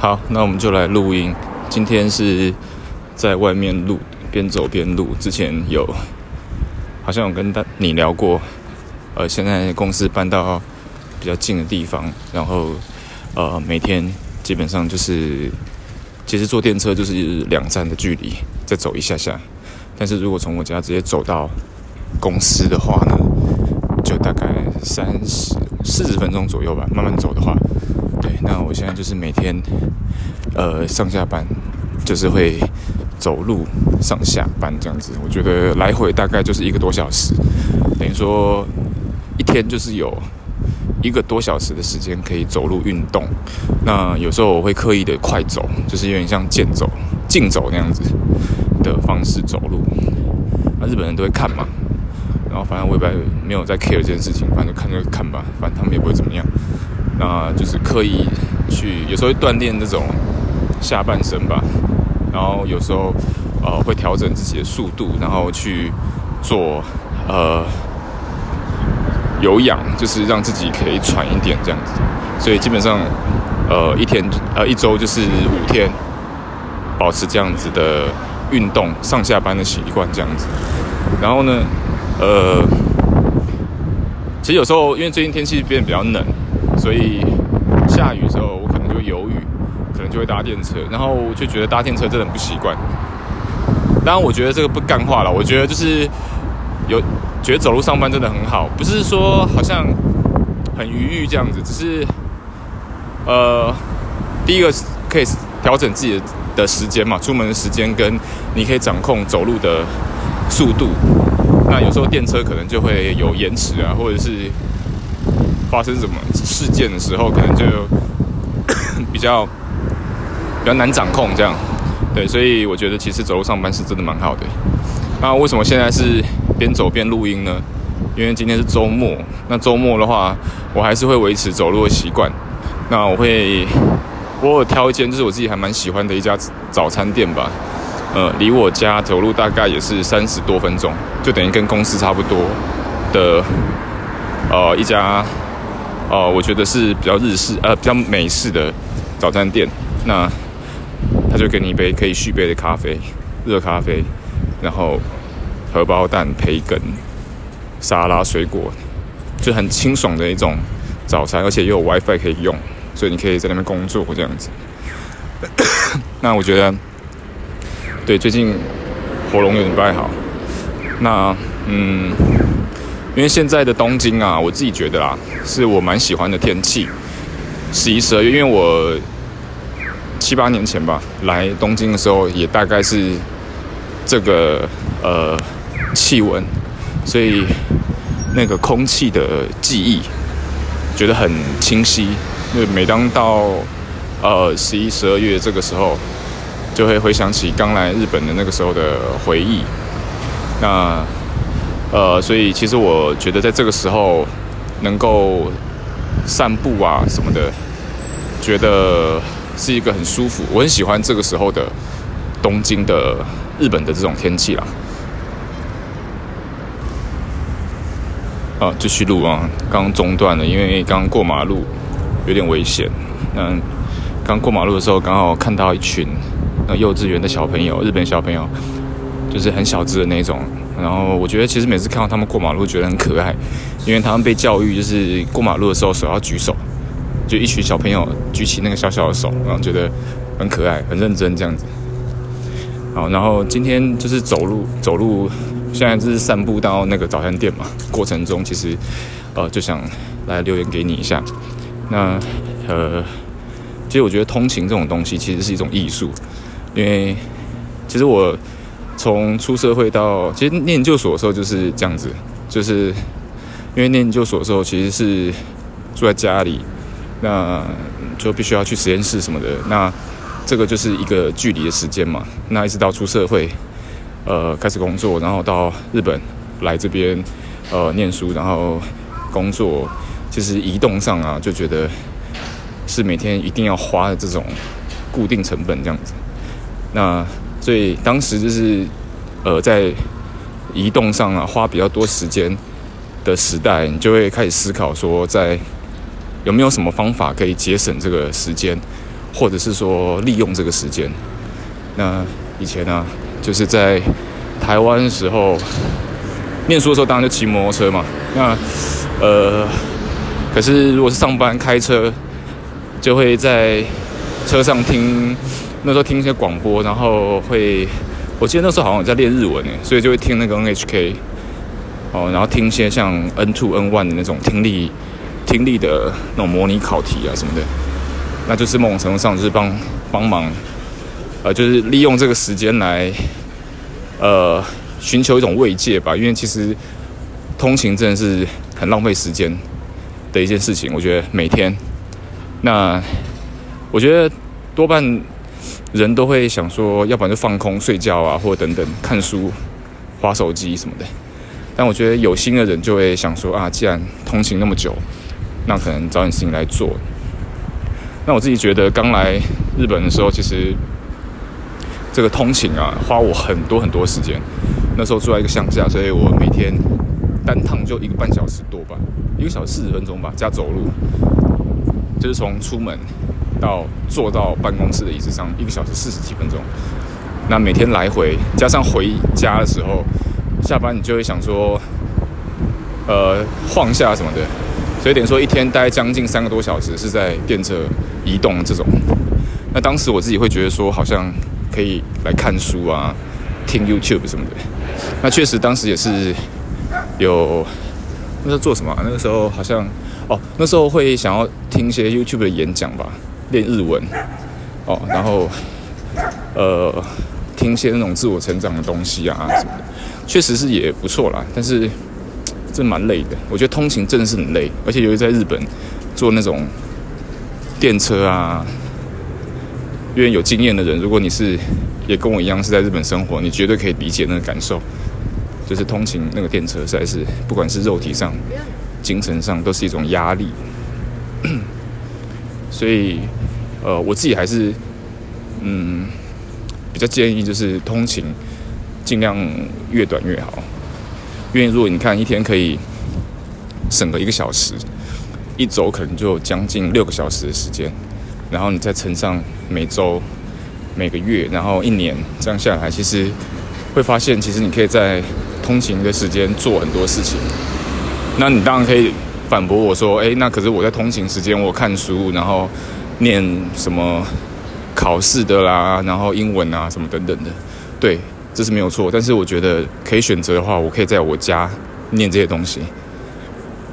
好，那我們就來錄音。今天是在外面錄，邊走邊錄。之前有，好像我跟大你聊過，呃，現在公司搬到比較近的地方，然後呃，每天基本上就是，其實坐電車就是兩站的距離，再走一下下。但是如果從我家直接走到公司的話呢，就大概三十四十分鐘左右吧，慢慢走的話。那我現在就是每天，呃，上下班，就是會走路上下班這樣子。我覺得來回大概就是一個多小時，等於說一天就是有一個多小時的時間可以走路運動。那有時候我會刻意的快走，就是有點像健走、競走那樣子的方式走路。那、啊、日本人都會看嘛，然後反正我也沒有在 care 這件事情，反正就看就看吧，反正他們也不會怎麼樣。啊，就是刻意去，有時候會鍛鍊這種下半身吧，然後有時候呃會調整自己的速度，然後去做呃有氧，就是讓自己可以喘一點這樣子。所以基本上呃一天呃一周就是五天保持這樣子的運動上下班的習慣這樣子。然後呢，呃其實有時候因為最近天氣變得比較冷。所以下雨的時候，我可能就會猶豫，可能就會搭電車，然後就覺得搭電車真的很不習慣。當然，我覺得這個不乾話了，我覺得就是有覺得走路上班真的很好，不是說好像很愉悅這樣子，只是呃，第一個可以調整自己的的時間嘛，出門的時間跟你可以掌控走路的速度。那有時候電車可能就會有延遲啊，或者是。發生什麼事件的時候，可能就 比較比較難掌控，這樣，對，所以我覺得其實走路上班是真的蠻好的。那為什麼現在是邊走邊錄音呢？因為今天是周末，那周末的話，我還是會維持走路的習慣。那我會偶爾挑一間，就是我自己還蠻喜歡的一家早餐店吧。呃，離我家走路大概也是三十多分鐘，就等於跟公司差不多的呃一家。哦，我覺得是比較日式，呃，比較美式的早餐店，那他就給你一杯可以續杯的咖啡，熱咖啡，然後荷包蛋、培根、沙拉、水果，就很清爽的一種早餐，而且又有 WiFi 可以用，所以你可以在那邊工作這樣子。 那我覺得，對，最近喉嚨有點不太好，那嗯。因為現在的東京啊，我自己覺得啊，是我蠻喜歡的天氣，十一、十二月，因為我七八年前吧來東京的時候，也大概是這個呃氣溫，所以那個空氣的記憶覺得很清晰。因為每當到呃十一、十二月這個時候，就會回想起剛來日本的那個時候的回憶。那。呃，所以其實我覺得在這個時候能夠散步啊什麼的，覺得是一個很舒服。我很喜歡這個時候的東京的日本的這種天氣啦。啊，繼續錄啊，剛中斷了，因為剛過馬路有點危險。嗯，剛過馬路的時候，剛好看到一群那幼稚園的小朋友，日本小朋友，就是很小隻的那種。然後我覺得其實每次看到他們過馬路，覺得很可愛，因為他們被教育就是過馬路的時候手要舉手，就一群小朋友舉起那個小小的手，然後覺得很可愛、很認真這樣子。好，然後今天就是走路走路，現在就是散步到那個早餐店嘛，過程中其實呃就想來留言給你一下。那呃，其實我覺得通勤這種東西其實是一種藝術，因為其實我從出社會到其實念研究所的時候就是這樣子，就是因為念研究所的時候其實是住在家裡，那就必須要去實驗室什麼的，那這個就是一個距離的時間嘛。那一直到出社會，呃，開始工作，然後到日本來這邊，呃，念書，然後工作，就是移動上啊，就覺得是每天一定要花的這種固定成本這樣子，那。所以當時就是，呃，在移動上啊花比較多時間的時代，你就會開始思考說，在有沒有什麼方法可以節省這個時間，或者是說利用這個時間。那以前呢，就是在台灣的時候念書的時候，當然就騎摩托車嘛。那呃，可是如果是上班開車，就會在車上聽。那時候聽一些廣播，然後會，我記得那時候好像有在練日文耶，所以就會聽那個 NHK，哦，然後聽一些像 N Two N One 的那種聽力，聽力的那種模擬考題啊什麼的，那就是某種程度上就是幫幫忙，呃，就是利用這個時間來，呃，尋求一種慰藉吧，因為其實通勤真的是很浪費時間的一件事情，我覺得每天，那我覺得多半。人都會想說，要不然就放空睡覺啊，或等等看書、滑手機什麼的。但我覺得有心的人就會想說啊，既然通勤那麼久，那可能找點事情來做。那我自己覺得，剛來日本的時候，其實這個通勤啊，花我很多很多時間。那時候住在一個鄉下，所以我每天單趟就一個半小時多吧，一個小時四十分鐘吧，加走路，就是從出門。到坐到辦公室的椅子上，一個小時四十幾分鐘。那每天來回加上回家的時候，下班你就會想說，呃，晃下什麼的。所以等於說一天待將近三個多小時是在電車移動這種。那當時我自己會覺得說，好像可以來看書啊，聽 YouTube 什麼的。那確實當時也是有，那時候做什麼？那個時候好像哦，那時候會想要聽一些 YouTube 的演講吧。練日文，哦，然後，呃，聽一些那種自我成長的東西啊，啊什麼的，確實是也不錯啦。但是，真蠻累的。我覺得通勤真的是很累，而且由於在日本坐那種電車啊，因為有經驗的人，如果你是也跟我一樣是在日本生活，你絕對可以理解那個感受，就是通勤那個電車實在是，不管是肉體上、精神上，都是一種壓力。 所以。呃，我自己還是，嗯，比較建議就是通勤盡量越短越好，因為如果你看一天可以省個一個小時，一周可能就將近六個小時的時間，然後你再乘上每周、每個月，然後一年這樣下來，其實會發現其實你可以在通勤的時間做很多事情。那你當然可以反駁我說，哎、欸，那可是我在通勤時間我看書，然後。念什麼考試的啦，然後英文啊什麼等等的，對，這是沒有錯。但是我覺得可以選擇的話，我可以在我家念這些東西，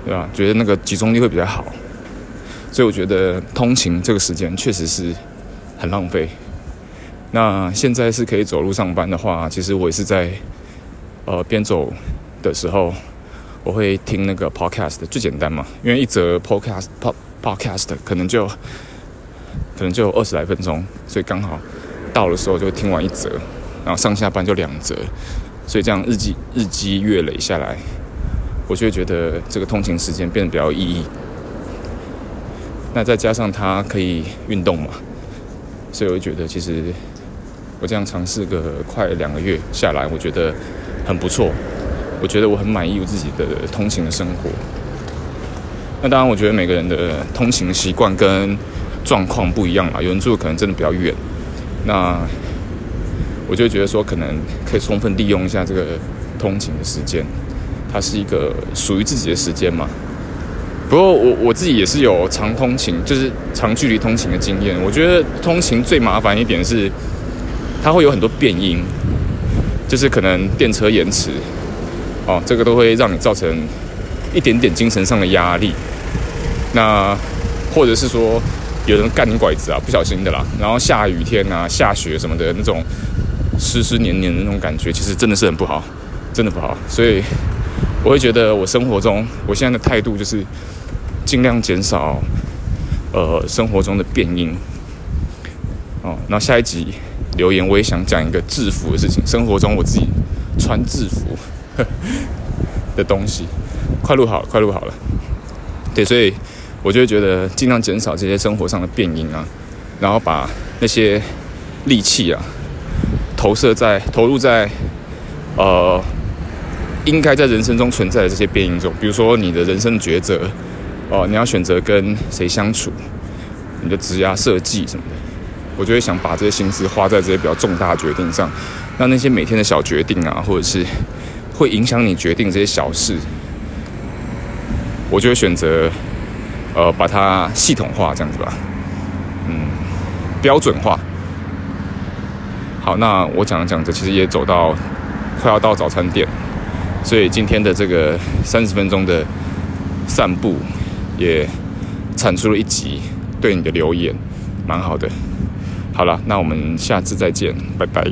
對吧？覺得那個集中力會比較好。所以我覺得通勤這個時間確實是很浪費。那現在是可以走路上班的話，其實我也是在呃邊走的時候，我會聽那個 podcast，最簡單嘛，因為一則 podcast，pod, podcast 可能就。可能就有二十來分鐘，所以剛好到的時候就聽完一則，然後上下班就兩則。所以這樣日積日積月累下來，我就覺得這個通勤時間變得比較有意義。那再加上它可以運動嘛，所以我覺得其實我這樣嘗試個快兩個月下來，我覺得很不錯，我覺得我很滿意我自己的通勤的生活。那當然，我覺得每個人的通勤習慣跟狀況不一樣啊，有人住的可能真的比較遠，那我就覺得說，可能可以充分利用一下這個通勤的時間，它是一個屬於自己的時間嘛。不過我我自己也是有長通勤，就是長距離通勤的經驗。我覺得通勤最麻煩一點是，它會有很多變因，就是可能電車延遲，哦，這個都會讓你造成一點點精神上的壓力。那或者是說，有人幹拐子啊，不小心的啦。然後下雨天啊，下雪什麼的那種，濕濕黏黏的那種感覺，其實真的是很不好，真的不好。所以我會覺得，我生活中我現在的態度就是盡量減少，呃，生活中的變因。哦，然後下一集留言，我也想講一個制服的事情。生活中我自己穿制服的東西，快錄好，快錄好了。對，所以。我就會覺得盡量減少這些生活上的變因啊，然後把那些力氣啊投射在投入在呃應該在人生中存在的這些變因中，比如說你的人生抉擇哦、呃，你要選擇跟誰相處，你的職涯設計什麼的，我就會想把這些心思花在這些比較重大的決定上，那那些每天的小決定啊，或者是會影響你決定這些小事，我就會選擇。呃，把它系統化這樣子吧，嗯，標準化。好，那我講着講着，其實也走到快要到早餐店，所以今天的這個三十分鐘的散步也產出了一集，對你的留言蠻好的。好了，那我們下次再見，拜拜。